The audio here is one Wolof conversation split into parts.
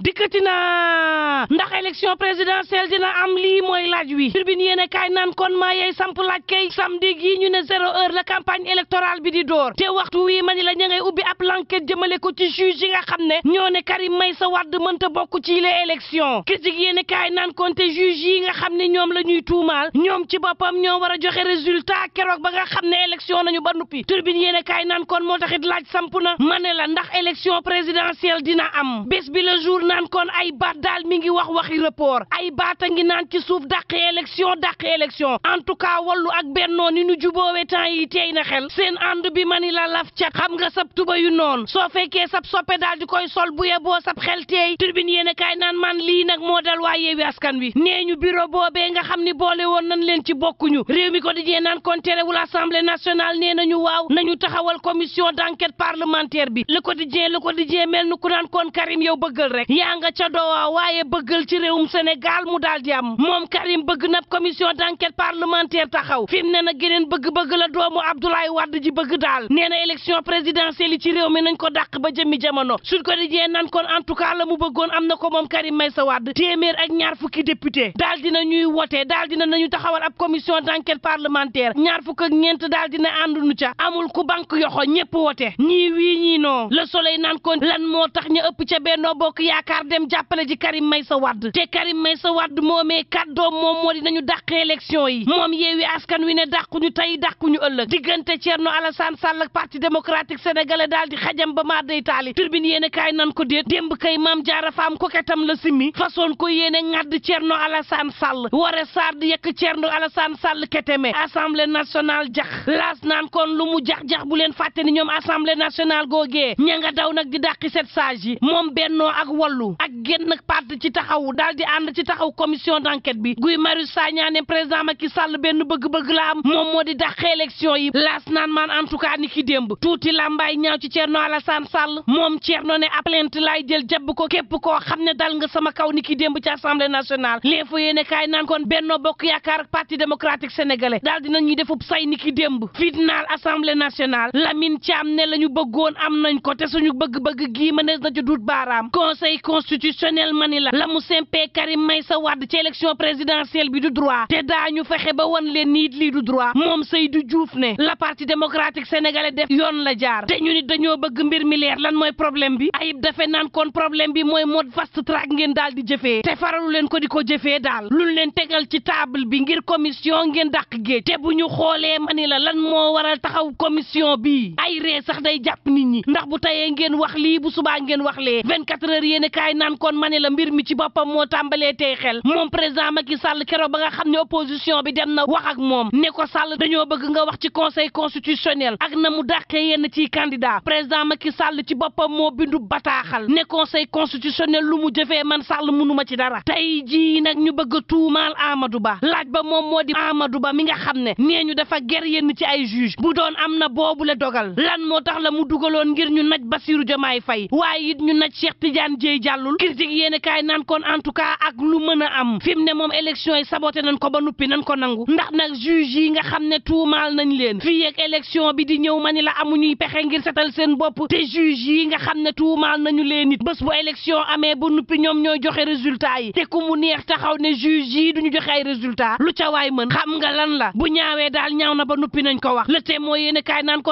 dikkati na ndax élection présidentielle dina am lii mooy laaj wi turbine yéen a kaay naan kon maa yey samp laaj kay samedi gii ñu ne zéro heure la campagne électorale bi di door te waxtu wii ma ni la ña ngay ubbi ab l'enquête jëmale ko ci juge yi nga xam ne ñoo ne Karim Meïssa Wade mënta bokk ci les élections critique yéen a kaay naan kon te juge yi nga xam ne ñoom la ñuy tuumaal ñoom ci boppam ñoo war a joxe résultat keroog ba nga xam ne élection nañu ba nuppi turbine yéen a kaay naan kon moo taxit laaj samp na ma la ndax élection présidentielle dina am bés naan kon ay baat daal mi ngi wax waxi report ay a ngi naan ci suuf dàq élection dàq élection en tout cas wallu ak bennoo ni nu ñu jubóowe temps yi tey na xel seen ànd bi mani la laf ca xam nga sab tuba yu noon soo fekkee sab soppe daal di koy sol bu yeboo sab xel teey tribune yéen kaay naan man lii nag moo dal waa yeewi askan wi nee ñu bureau boobee nga xam ni boole woon nañ leen ci bokkuñu réew mi ko dijee naan kon terewul assemblée nationale nee nañu waaw nañu taxawal commission d'enquête parlementaire bi le quotidien le quotidien mel nu ku naan kon yow bëggal rek yaa nga ca doowa waaye bëggal ci réewum Sénégal mu daal di am moom Karim bëgg na commission d'enquête parlementaire taxaw fi mu ne na geneen bëgg-bëgg la doomu Abdoulaye Wade ji bëgg daal nee na élection présidentielle yi ci réew mi nañ ko dàq ba jëmmi jamono Sud Quotidien nan kon en la mu bëggoon am na ko moom Karim Meïssa Wade téeméer ak ñaar fukki député daal dina ñuy wote daal dina nañu taxawal ab commission d'enquête parlementaire ñaar fukk ak ñeent daal dina àndunu ca amul ku bank yoxo ñépp wote ñii wii nan kon lan moo tax ñu ëpp ca Benno Bokk Yaakaar Dakar dem jàppale ji Karim Meïssa Wade te Karim Meïssa Wade moomee kàddoom moom moo di nañu dàqee élection yi moom yeewi askan wi ne dàquñu tey dàquñu ëllëg diggante Thierno Alassane Sall ak parti démocratique sénégalais daal di xajam ba maa day taali turbine yéen kaay nan ko déet démb kay maam jaara faam koketam la simmi façon ko yéene ŋàdd Thierno Alassane Sall ware saar di yekk Thierno Alassane Sall keteme assemblée nationale jax laas naan kon lu mu jax-jax wàllu ak genn parti ci taxawu daal di ànd ci taxaw commission d'enquête bi Guy Marius Sagna ne président Macky Sall benn bëgg-bëgg la moom moo di dàq élection yi laas naan man en tout cas ni ki démb tuuti làmbaay ñaaw ci Thierno Alassane Sall moom Thierno ne ab plainte laay jël jabb ko képp ko xam ne dal nga sama kaw ni ki démb ci assemblée nationale léefo yéene kaay naan kon Benno Bokk Yaakaar parti démocratique sénégalais daal dina ñuy defub say ni ki démb fitnaal assemblée nationale Lamine Thiam ne la ñu bëggoon am nañ ko te suñu bëgg-bëgg gii mënees na ci duut baaraam conseil constitutionnel ma ni la la mu sempee Karim Meïssa Wade ci élection présidentielle bi du droit te daañu fexe ba wan leen niit lii du droit moom Seydou Diouf ne la parti démocratique sénégalais def yoon la jaar te ñu nit dañoo bëgg mbir mi leer lan mooy problème bi ayib dafe naan kon problème bi mooy mode fast track ngeen daal di jëfee te faralu leen ko di ko jëfee daal luñ leen tegal ci table bi ngir commission ngeen dàq géej te bu ñu xoolee ma ni la lan moo waral taxaw commission bi ay ree kaay naan kon ma ne la mbir mi ci boppam moo tàmbalee tey xel moom président Macky Sall keroog ba nga xam ne opposition bi dem na wax ak moom ne ko Sall dañoo bëgg nga wax ci conseil constitutionnel ak na mu dàqee yenn ciy candidat président Macky Sall ci boppam moo bindu bataaxal ne conseil constitutionnel lu mu jëfee man sàll mënuma ci dara tey jii nag ñu bëgg a tuumaal Amadou Ba laaj ba moom moo di Amadou Ba mi nga xam ne nee ñu dafa ger yenn ci ay juge bu doon am na boobu la dogal moo tax la mu dugaloon ngir ñu naj Bassirou Diomaye Faye waaye jàllul critique yéen naan kon en tout cas ak lu mën a am fi ne moom élection yi saboté nañ ko ba nuppi nañ ko nangu ndax nag juge yi nga xam ne tuumaal nañ leen fii ak élection bi di ñëw ma ni la amuñuy pexe ngir setal seen bopp te juge yi nga xam ne tuumaal nañu leen it bés bu élection amee ba nuppi ñoom ñooy joxe résultat yi te ku mu neex taxaw ne juge yi duñu joxe ay résultat lu ca waay mën xam nga lan la bu ñaawee daal ñaaw na ba nuppi nañ ko wax le témoin yéen kaay naan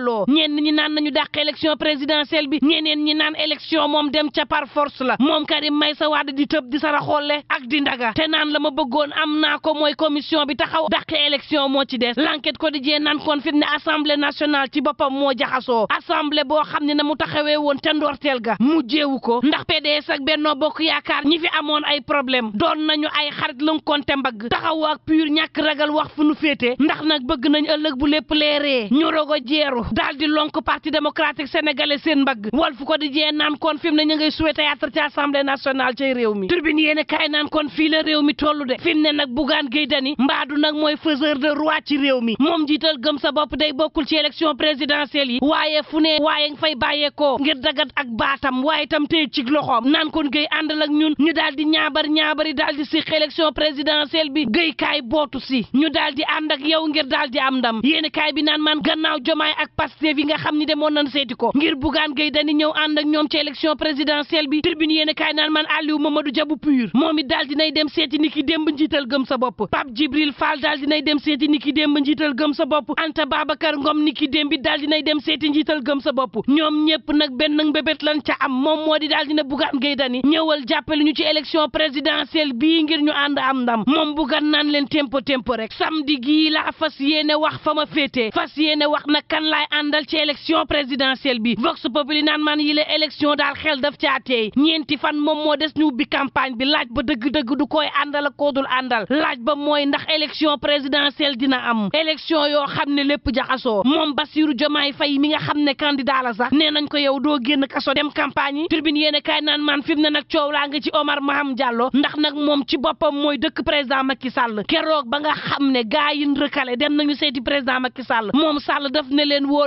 tegaloo ñenn ñi naan nañu dàq élection présidentielle bi ñeneen ñi naan élection moom dem ca par force la moom Karim Meïssa Wade di tëb di sara xolle ak di ndaga te naan la ma bëggoon am naa ko mooy commission bi taxaw dàq élection moo ci des di jee naan kon fi ne assemblée nationale ci boppam moo jaxasoo assemblée boo xam ne na mu taxawee woon te ndoorteel ga mujjeewu ko ndax PDS ak Benno Bokk Yaakaar ñi fi amoon ay problème doon nañu ay xarit lënkonte mbagg taxaw ak pur ñàkk ragal wax fu nu féete ndax nag bëgg nañ ëllëg bu lépp leeree ñoroo ko jeeru daal di lonk parti démocratique sénégalais seen mbagg wal fu ko di jee naan kon fi na ne ñu ngay suwe théâtre ci assemblée nationale ci réew mi turbine yéene kaay naan kon fii la réew mi tollu de fi mu ne nag bugaan géy dani mbaadu nag mooy faiseur de roi ci réew mi moom jiital gëm sa bopp day bokkul ci élection présidentielle yi waaye fu ne waaye fay bàyyeekoo ngir dagat ak baatam waaye tam tey ci loxoom naan kon géy àndal ak ñun ñu daal di ñaabar ñaabari daal di si élection présidentielle bi géy bootu si ñu daal di ànd ak yow ngir daal di ndam yéene kaay bi naan man gannaaw jomaay ak Pastef yi nga xam ni demoon nañ seeti ko ngir Bougane Gueye Dany ñëw ànd ak ñoom ci élection présidentielle bi tribune yéen kaay naan man Aliou Mamadou Diabou Pur moom it daal dinay dem seeti ni ki démb njiital gëm sa bopp Pape Djibril Fall daal dinay dem seeti ni démb njiital gëm sa bopp Anta Babacar Ngom ni ki démb it daal dinay dem seeti njiital gëm sa bopp ñoom ñëpp nag benn nag mbébét lan ca am moom moo di daal dina Bougane Gueye Dany ñëwal jàppale ñu ci élection présidentielle bii ngir ñu ànd am ndam moom Bougane naan leen tempo tempo rek samedi gii laa fas yéene wax fa ma féetee fas yéene wax na kan àndal ci élection présidentielle bi Vox Populi naan man yi la élection daal xel daf caateey ñeenti fan moom moo des ñu ubbi campagne bi laaj ba dëgg-dëgg du koy àndal ak koodul àndal laaj ba mooy ndax élection présidentielle dina am élection yoo xam ne lépp jaxasoo moom Bassirou Diomaye fay mi nga xam ne candidat la sax nee nañ ko yow doo génn kaso dem campagne yi tribune yéene kaay naan man fi mu ne nag coow laa nga ci Omar Maham Diallo ndax nag moom ci boppam mooy dëkk président Macky Sall keroog ba nga xam ne gaa yi rëkkale dem nañu seeti président Macky Sall moom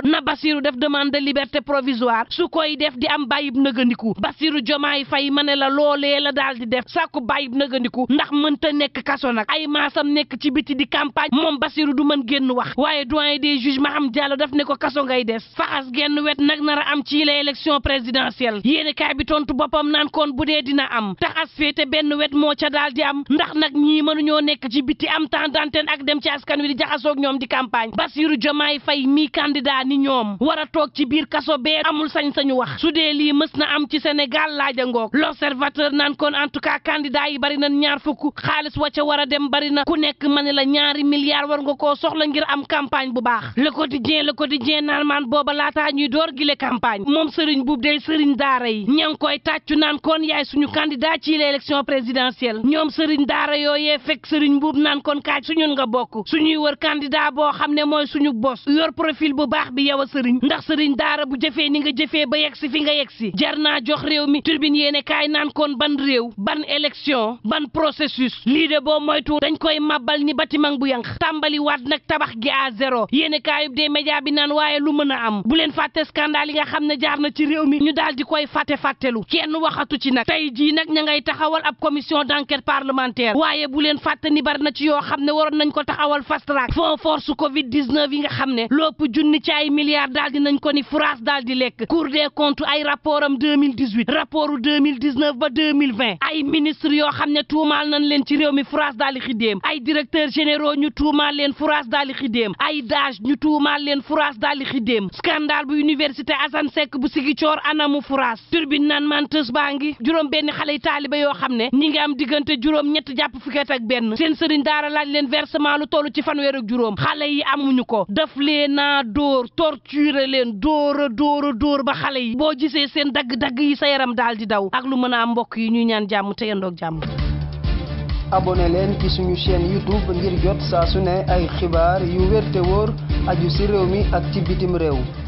juboo na Bassirou def demande de liberté provisoire su koy def di am bàyyib nëgandiku Bassirou Diomaye fay ma ne la loolee la daal di def sàkku bàyyib nëgandiku ndax mën mënta nekk kaso nag ay maasam nekk ci biti di campagne moom Bassirou du mën génn wax waaye doyen des ma am Diallo daf ne ko kaso ngay des faxas genn wet nag nar a am ci la élection présidentielle yéen kaay bi tontu boppam naan koon bu dee dina am taxas féete benn wet moo ca daal di am ndax nag ñii mënuñoo nekk ci biti am temps ak dem ci askan wi di jaxasoog ñoom di campagne ni ñoom war a toog ci biir kaso bee amul sañ-sañu wax su dee lii mës na am ci Sénégal laaja ngoog l'observateur naan kon en tout cas yi bari na ñaar fukk xaalis wa ca war a dem bari na ku nekk ma ne la ñaari milliards war nga koo soxla ngir am campagne bu baax le quotidien le quotidien naan maan booba laataa ñuy door gile campagne moom Serigne Boub day Serigne Daara yi ña ngi koy tàccu naan kon yaay suñu candidat ci l'élection présidentielle ñoom Serigne Daara yooyee fekk Serigne Boub naan kon kaaj suñun nga bokk suñuy wër candidat boo xam ne mooy suñu bos yor profil bu baax bi yow a sëriñ ndax sëriñ daara bu jëfee ni nga jëfee ba yegsi fi nga yegsi jar naa jox réew mi turbine yéene kaay naan koon ban réew ban élection ban processus lii de boo moytu dañ koy màbbal ni bâtiment bu yànq tàmbali waat nag tabax gi à zéro yéene kaayub des média bi naan waaye lu mën a am bu leen fàtte scandale yi nga xam ne jaar na ci réew mi ñu daal koy fàtte fàttelu kenn waxatu ci nag tey jii nag ña ngay taxawal ab commission d'enquête parlementaire waaye bu leen fàtte ni bari na ci yoo xam ne waroon nañ ko taxawal fast ay milliards daal di nañ ko ni France daal di lekk cour des comptes ay rapport am 2018 rapportu 2019 ba 2020 ay ministre yoo xam ne tuumaal nañ leen ci réew mi France daal di xidéem ay directeurs généraux ñu tuumaal leen France daal di xidéem ay dage ñu tuumaal leen France daal di xidéem bu université Assane Seck bu Sigicoor anamu France turbine nan man tës ngi juróom benn xale taaliba yoo xam ne ñi ngi am diggante juróom ñet jàpp fukki at ak benn seen sëriñ daara leen versement lu toll ci fanweer ak juróom xale yi ko dóor torturer leen dóor a dóor dóor ba xale yi boo gisee seen dagg-dagg yi sa yaram daal di daw ak lu mën a mbokk yi ñuy ñaan jàmm te yendoog jàmm abonné leen ci suñu chaîne youtube ngir jot saa su ne ay xibaar yu wér te wóor aju ci réew mi ak ci bitim réew